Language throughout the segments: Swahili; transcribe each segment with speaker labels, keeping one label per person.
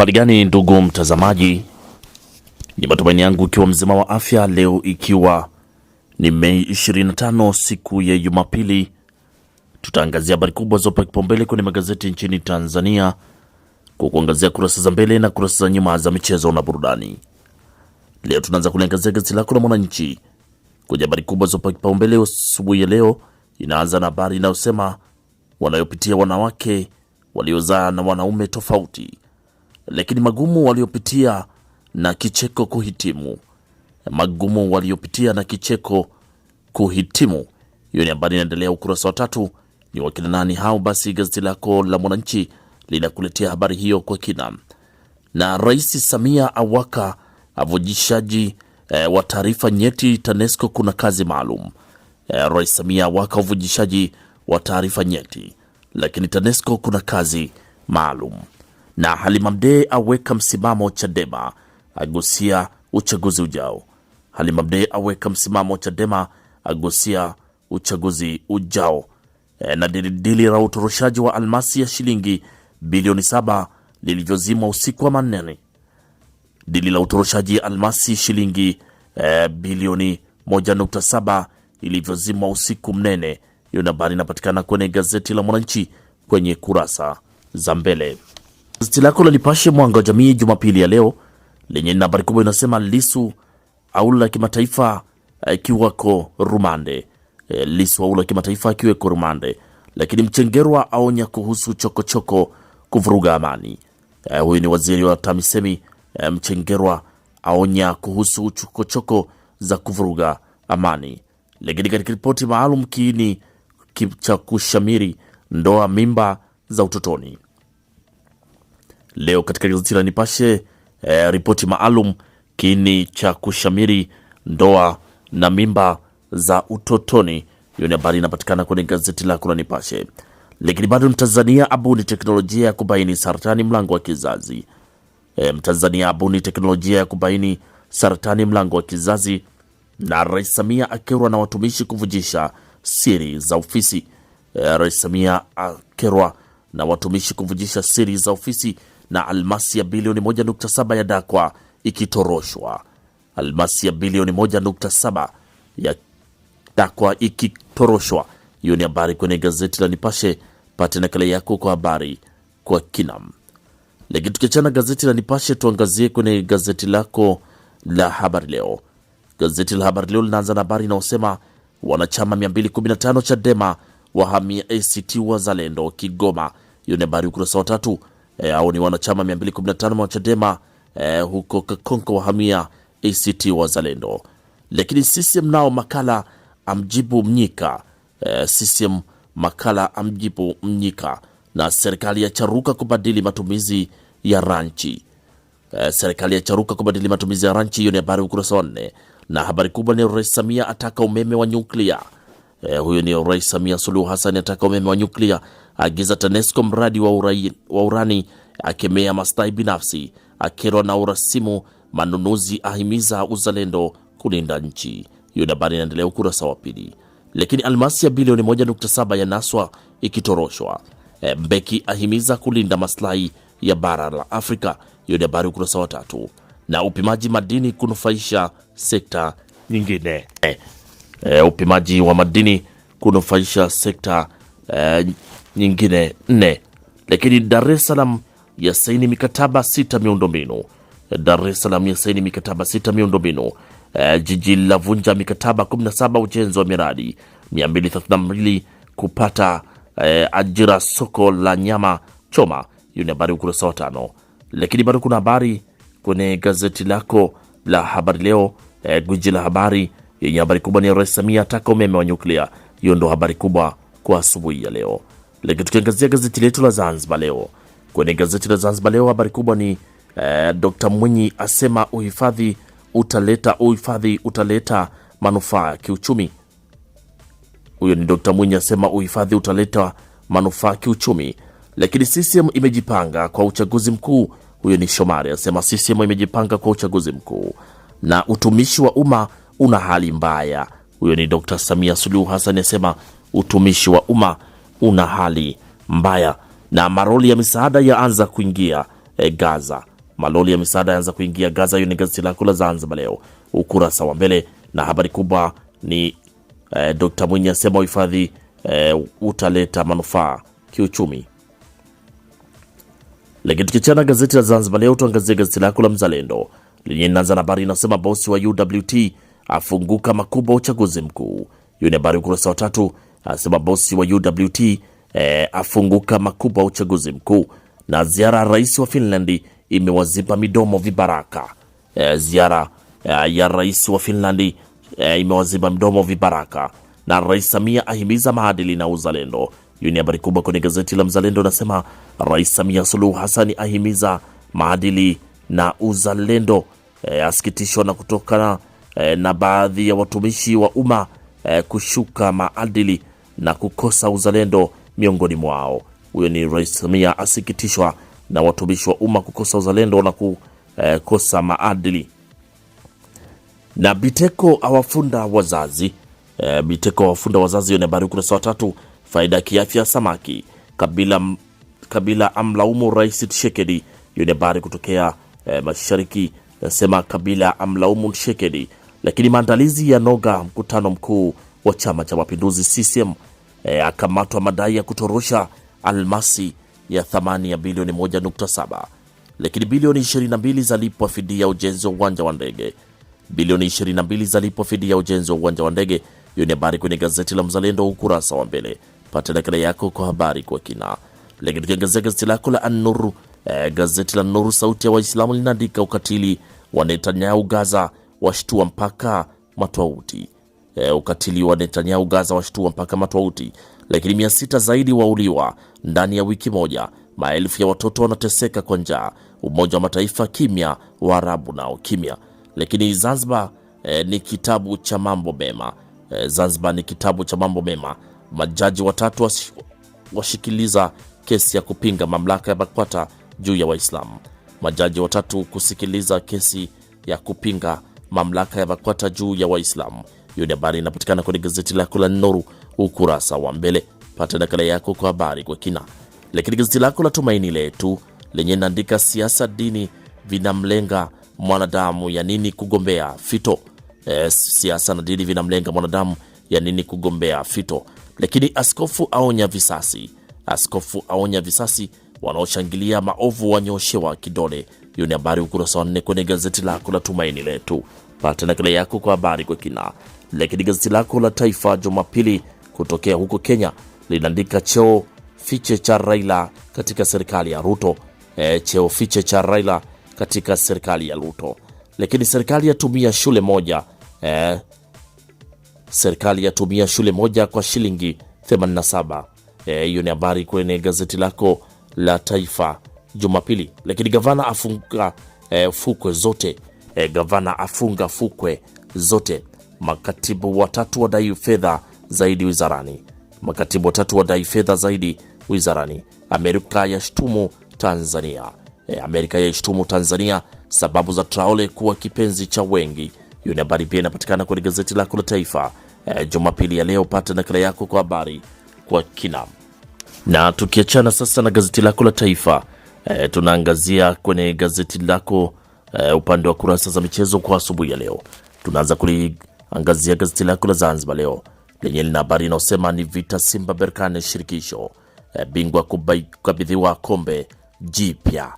Speaker 1: hali gani ndugu mtazamaji, ni matumaini yangu ikiwa mzima wa afya. Leo ikiwa ni Mei 25 siku ya Jumapili, tutaangazia habari kubwa zopa kipaumbele kwenye magazeti nchini Tanzania kwa kuangazia kurasa za mbele na kurasa za nyuma za michezo na burudani. Leo tunaanza kuliangazia gazeti lako la Mwananchi kwenye habari kubwa zopa kipaumbele asubuhi ya leo. Inaanza na habari inayosema wanayopitia wanawake waliozaa na wanaume tofauti lakini magumu waliopitia na kicheko kuhitimu, magumu waliopitia na kicheko kuhitimu. Hiyo ni habari inaendelea ukurasa wa tatu. Ni wakina nani hao? Basi gazeti lako la Mwananchi linakuletea habari hiyo kwa kina. Na Rais Samia awaka avujishaji e, wa taarifa nyeti TANESCO kuna kazi maalum. E, Rais Samia awaka uvujishaji wa taarifa nyeti, lakini TANESCO kuna kazi maalum na Halima Mdee aweka msimamo Chadema, agusia uchaguzi ujao. Halima Mdee aweka msimamo Chadema, agusia uchaguzi ujao. E, na dilidili la utoroshaji wa almasi ya shilingi bilioni saba lilivyozimwa usiku wa manane. Dili la utoroshaji almasi shilingi e, bilioni 1.7 ilivyozimwa usiku mnene. Hiyo habari inapatikana kwenye gazeti la Mwananchi kwenye kurasa za mbele. Gazeti lako la Nipashe Mwanga wa Jamii Jumapili ya leo lenye nambari kubwa inasema Lisu aula kimataifa akiwako eh, rumande. E, Lisu aula kimataifa akiweko rumande, lakini Mchengerwa aonya kuhusu chokochoko kuvuruga amani. E, huyu ni waziri wa TAMISEMI e, Mchengerwa aonya kuhusu chokochoko choko za kuvuruga amani. Lakini katika ripoti maalum, kiini cha kushamiri ndoa mimba za utotoni leo katika gazeti la Nipashe e, ripoti maalum kini cha kushamiri ndoa na mimba za utotoni. Hiyo ni habari inapatikana kwenye gazeti lako la Nipashe. Lakini bado Mtanzania abuni teknolojia ya kubaini saratani mlango wa kizazi. E, Mtanzania abuni teknolojia ya kubaini saratani mlango wa kizazi. Na Rais Samia akerwa na watumishi kuvujisha siri za ofisi. E, Rais Samia akerwa na watumishi kuvujisha siri za ofisi na almasi ya bilioni 1.7 ya Dakwa ikitoroshwa. Almasi ya bilioni 1.7 ya Dakwa ikitoroshwa. Hiyo ni habari kwenye gazeti la Nipashe. Pate nakala yako kwa habari kwa kinam. Lakini tukiachana gazeti la Nipashe, tuangazie kwenye gazeti lako la Habari Leo. Gazeti la Habari Leo linaanza na habari inayosema wanachama 215 Chadema wahamia ACT Wazalendo Kigoma. Hiyo ni habari ukurasa wa tatu e, au ni wanachama 215 wa Chadema e, huko Kakonko wahamia ACT Wazalendo. Lakini CCM nao makala amjibu Mnyika e, eh, CCM makala amjibu Mnyika na serikali ya charuka kubadili matumizi ya ranchi e, serikali ya charuka kubadili matumizi ya ranchi. Hiyo ni habari ukurasa wa nne, na habari kubwa ni Rais Samia ataka umeme wa nyuklia. E, huyo ni Rais Samia Suluhu Hassan ataka umeme wa nyuklia agiza TANESCO mradi wa, urai, wa urani, akemea maslahi binafsi, akerwa na urasimu manunuzi, ahimiza uzalendo kulinda nchi. Hiyo habari inaendelea ukurasa wa pili. Lakini almasi ya bilioni 1.7 ya naswa ikitoroshwa, eh, Mbeki ahimiza kulinda maslahi ya bara la Afrika. Hiyo ni habari ukurasa wa tatu. Na upimaji madini kunufaisha sekta nyingine e, upimaji wa madini kunufaisha sekta e, nyingine nne, lakini Dar es Salaam yasaini mikataba sita miundombinu. Dar es Salaam yasaini mikataba sita miundombinu. E, jiji la vunja mikataba 17 ujenzi wa miradi 232 kupata e, ajira soko la nyama choma. Hiyo ni habari ukurasa wa tano, lakini bado kuna habari kwenye gazeti lako la habari leo, e, gwiji la habari yenye habari kubwa ni Rais Samia ataka umeme wa nyuklia. Hiyo ndo habari kubwa kwa asubuhi ya leo. Lakini tukiangazia gazeti letu la Zanzibar Leo, kwenye gazeti la Zanzibar Leo habari kubwa ni eh, Dr. Mwinyi asema uhifadhi utaleta uhifadhi utaleta manufaa kiuchumi. Huyo ni Dr. Mwinyi asema uhifadhi utaleta manufaa kiuchumi. Lakini CCM imejipanga kwa uchaguzi mkuu. Huyo ni Shomari asema CCM imejipanga kwa uchaguzi mkuu. Na utumishi wa umma una hali mbaya. Huyo ni Dr. Samia Suluhu Hassan asema utumishi wa umma una hali mbaya na maroli ya misaada yaanza kuingia e, Gaza. Maroli ya misaada yaanza kuingia Gaza. Hiyo ni gazeti lako la Zanzibar Leo ukurasa wa mbele, na habari kubwa ni e, Dr. Mwinyi asema uhifadhi e, utaleta manufaa kiuchumi. Lakini tukichana gazeti la Zanzibar Leo tuangazie gazeti lako la Mzalendo lenye inaanza na habari inasema bosi wa UWT afunguka makubwa uchaguzi mkuu. Hiyo ni habari ukurasa wa tatu asema ah, bosi wa UWT e, eh, afunguka makubwa uchaguzi mkuu, na ziara ya rais wa Finlandi imewaziba midomo vibaraka. E, ziara e, ya rais wa Finlandi e, imewaziba midomo vibaraka. Na Rais Samia ahimiza maadili na uzalendo. Hiyo ni habari kubwa kwenye gazeti la Mzalendo, nasema Rais Samia Suluhu Hassan ahimiza maadili na uzalendo. E, asikitishwa na kutokana e, na baadhi ya watumishi wa umma eh, kushuka maadili na kukosa uzalendo miongoni mwao. Huyo ni Rais Samia asikitishwa na watumishi wa umma kukosa uzalendo na kukosa eh, maadili. Na Biteko awafunda wazazi e, Biteko awafunda wazazi. Hiyo ni habari ukurasa wa tatu. Faida ya kiafya samaki. Kabila, Kabila amlaumu Rais Tshisekedi. Hiyo ni habari kutokea e, mashariki nasema Kabila amlaumu Tshisekedi lakini maandalizi ya noga mkutano mkuu wa chama cha mapinduzi CCM, e, akamatwa madai ya kutorosha almasi ya thamani ya bilioni 1.7, lakini bilioni 22 zalipwa fidia ujenzi wa uwanja wa ndege. Bilioni 22 zalipwa fidia ujenzi wa uwanja wa ndege. Hiyo ni habari kwenye gazeti la Mzalendo wa ukurasa wa mbele, pata nakala yako kwa habari kwa kina. Lakini tukiangazia gazeti lako la anuru eh, gazeti la Nuru sauti ya Waislamu linaandika ukatili wa Netanyahu Gaza washtua mpaka matwauti. E, ukatili wa Netanyahu Gaza washtua mpaka matwauti, lakini mia sita zaidi wauliwa ndani ya wiki moja. Maelfu ya watoto wanateseka kwa njaa. Umoja wa Mataifa kimya, Waarabu nao kimya. Lakini Zanzibar e, ni kitabu cha mambo mema e, Zanzibar ni kitabu cha mambo mema. Majaji watatu washikiliza kesi ya kupinga mamlaka ya BAKWATA juu ya Waislamu. Majaji watatu kusikiliza kesi ya kupinga mamlaka ya VAKWATA juu ya Waislamu. Hiyo ni habari inapatikana kwenye gazeti lako la Noru ukurasa wa mbele, pata nakala yako kwa habari kwa kina. Lakini gazeti lako la Tumaini Letu lenye inaandika siasa, dini vinamlenga mwanadamu, ya nini kugombea fito? Yes, siasa na dini vinamlenga mwanadamu, ya nini kugombea fito? Lakini askofu aonya visasi, askofu aonya visasi, wanaoshangilia maovu wanyoshewa kidole hiyo ni habari ukurasa wa nne kwenye gazeti lako la Tumaini Letu. Pata nakala yako kwa habari kwa kina. Lakini gazeti lako la Taifa Jumapili kutokea huko Kenya linaandika cheo fiche cha Raila katika serikali ya Ruto. E, cheo fiche cha Raila katika serikali ya Ruto. Lakini serikali yatumia shule moja e, serikali yatumia shule moja kwa shilingi 87. E, hiyo e, ni habari kwenye gazeti lako la Taifa Jumapili, lakini gavana afunga e, fukwe zote e, gavana afunga fukwe zote. Makatibu watatu wadai fedha zaidi wizarani. Makatibu watatu wadai fedha zaidi wizarani. Amerika yashtumu Tanzania. E, Amerika yaishtumu Tanzania sababu za Traore kuwa kipenzi cha wengi. Hiyo ni habari pia inapatikana kwenye gazeti lako la Taifa e, Jumapili ya leo. Pata nakala yako kwa habari kwa kina. Na tukiachana sasa na gazeti lako la Taifa E, tunaangazia kwenye gazeti lako e, upande wa kurasa za michezo kwa asubuhi ya leo. Tunaanza kuliangazia gazeti lako la Zanzibar Leo lenye lina habari inayosema ni vita Simba Berkane shirikisho, e, bingwa kukabidhiwa kombe jipya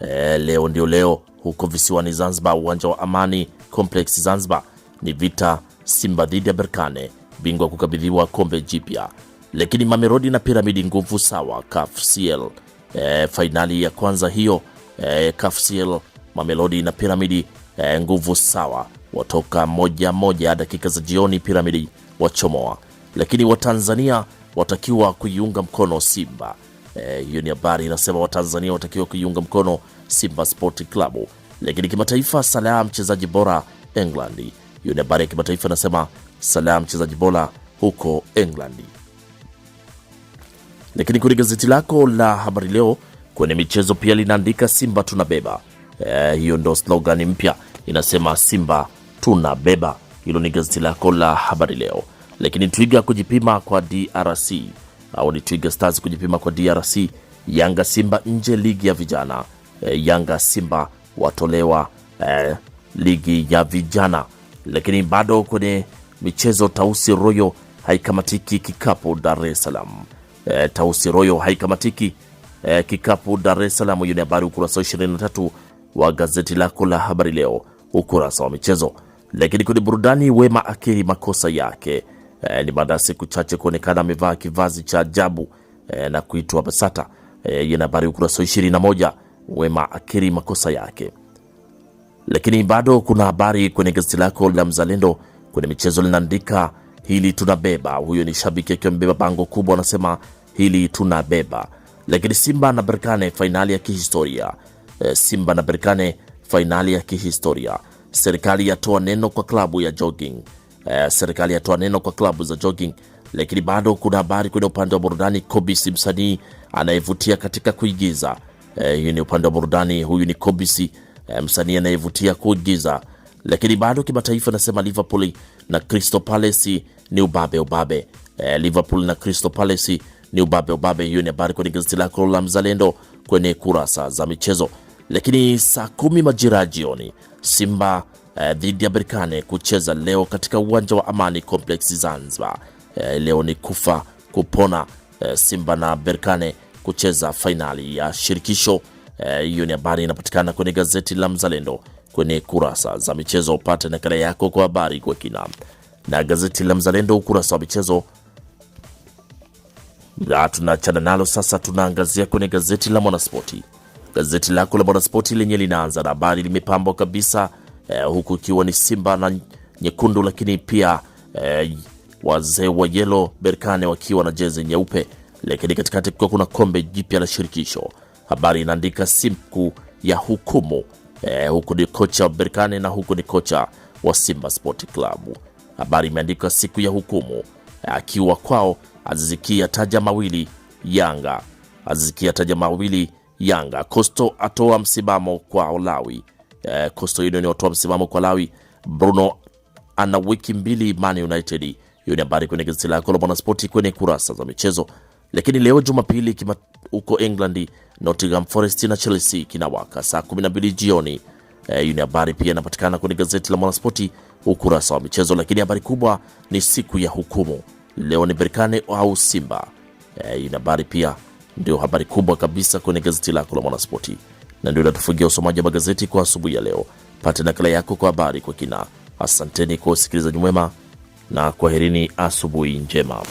Speaker 1: e, leo ndio leo huko visiwani Zanzibar, uwanja wa Amani Complex Zanzibar, ni vita Simba dhidi ya Berkane, bingwa kukabidhiwa kombe jipya. Lakini Mamerodi na Piramidi nguvu sawa, CAF CL e, fainali ya kwanza hiyo e, eh, kafsil Mamelodi na Piramidi e, nguvu sawa, watoka moja moja, dakika za jioni Piramidi wachomoa, lakini Watanzania watakiwa kuiunga mkono Simba. Hiyo e, ni habari inasema Watanzania watakiwa kuiunga mkono Simba Sport Club. Lakini kimataifa, salaa mchezaji bora England. Hiyo ni habari ya kimataifa inasema salaa mchezaji bora huko England. Lakini kwenye gazeti lako la habari leo kwenye michezo pia linaandika Simba tunabeba. E, hiyo ndo slogan mpya inasema Simba tunabeba. Hilo ni gazeti lako la habari leo. Lakini Twiga kujipima kwa DRC au ni Twiga Stars kujipima kwa DRC. Yanga Simba nje ligi ya vijana e, Yanga Simba watolewa e, ligi ya vijana. Lakini bado kwenye michezo Tausi Royo haikamatiki kikapu Dar es Salaam e, Tausi Royo haikamatiki. E, kikapu Dar es Salaam. Hiyo ni habari ukurasa wa 23 wa gazeti lako la habari leo ukurasa wa michezo. Lakini kwenye burudani, Wema akiri makosa yake e, ni baada ya siku chache kuonekana amevaa kivazi cha ajabu e, na kuitwa BASATA. E, hiyo e, ni habari ukurasa wa 21 Wema akiri makosa yake. Lakini bado kuna habari kwenye gazeti lako la Mzalendo kwenye michezo linaandika hili tunabeba. Huyo ni shabiki akiwa amebeba bango kubwa, anasema hili tunabeba. Lakini Simba na Berkane fainali ya kihistoria. e, Simba na Berkane fainali ya kihistoria. Serikali yatoa neno kwa klabu ya jogging. Eh, serikali yatoa neno kwa klabu za jogging. Lakini bado kuna habari kwenye upande wa burudani. Kobisi msanii anayevutia katika kuigiza. Eh, hiyo ni upande wa burudani. Huyu ni Kobisi msanii anayevutia kuigiza. Lakini bado kimataifa, nasema Liverpool na Crystal Palace ni ubabe ubabe. Eh, Liverpool na Crystal Palace ni ubabe ubabe. Hiyo ni habari kwenye gazeti lako la Mzalendo kwenye kurasa za michezo. Lakini saa kumi majira ya jioni Simba eh, dhidi ya Berkane kucheza leo katika uwanja wa Amani Complex Zanzibar. Eh, leo ni kufa kupona eh, Simba na Berkane kucheza fainali ya shirikisho eh, hiyo. Eh, ni habari inapatikana kwenye gazeti la Mzalendo kwenye kurasa za michezo. Upate nakala yako kwa habari kwa kina na gazeti la Mzalendo ukurasa wa michezo. Na tunachana nalo sasa, tunaangazia kwenye gazeti la Mwanaspoti. Gazeti lako la Mwanaspoti lenye linaanza na habari limepambwa kabisa eh, huku ikiwa ni Simba na nyekundu, lakini pia eh, wazee wa yelo Berkane wakiwa na jezi nyeupe, lakini katikati kukiwa kuna kombe jipya la shirikisho. Habari inaandika siku ya hukumu eh, huku ni kocha Berkane na huku ni kocha wa Simba Sport Club. Habari imeandikwa siku ya hukumu, akiwa kwao azizikia taja mawili Yanga. azizikia taja mawili Yanga. Kosto atoa msimamo kwa Olawi. E, eh, Kosto atoa msimamo kwa lawi Bruno ana wiki mbili Man United. Hiyo ni habari kwenye gazeti lako la Mwanaspoti kwenye kurasa za michezo. Lakini leo Jumapili huko England, Nottingham Forest na Chelsea kinawaka saa 12 jioni. Eh, hiyo e, ni habari pia inapatikana kwenye gazeti la Mwanaspoti ukurasa wa michezo. Lakini habari kubwa ni siku ya hukumu leo, ni Berkane au Simba? E, ina habari pia ndio habari kubwa kabisa kwenye gazeti lako la Mwanaspoti, na ndio inatufungia usomaji wa magazeti kwa asubuhi ya leo. pate nakala yako kwa habari kwa kina. Asanteni kwa usikilizaji mwema na kwaherini, asubuhi njema.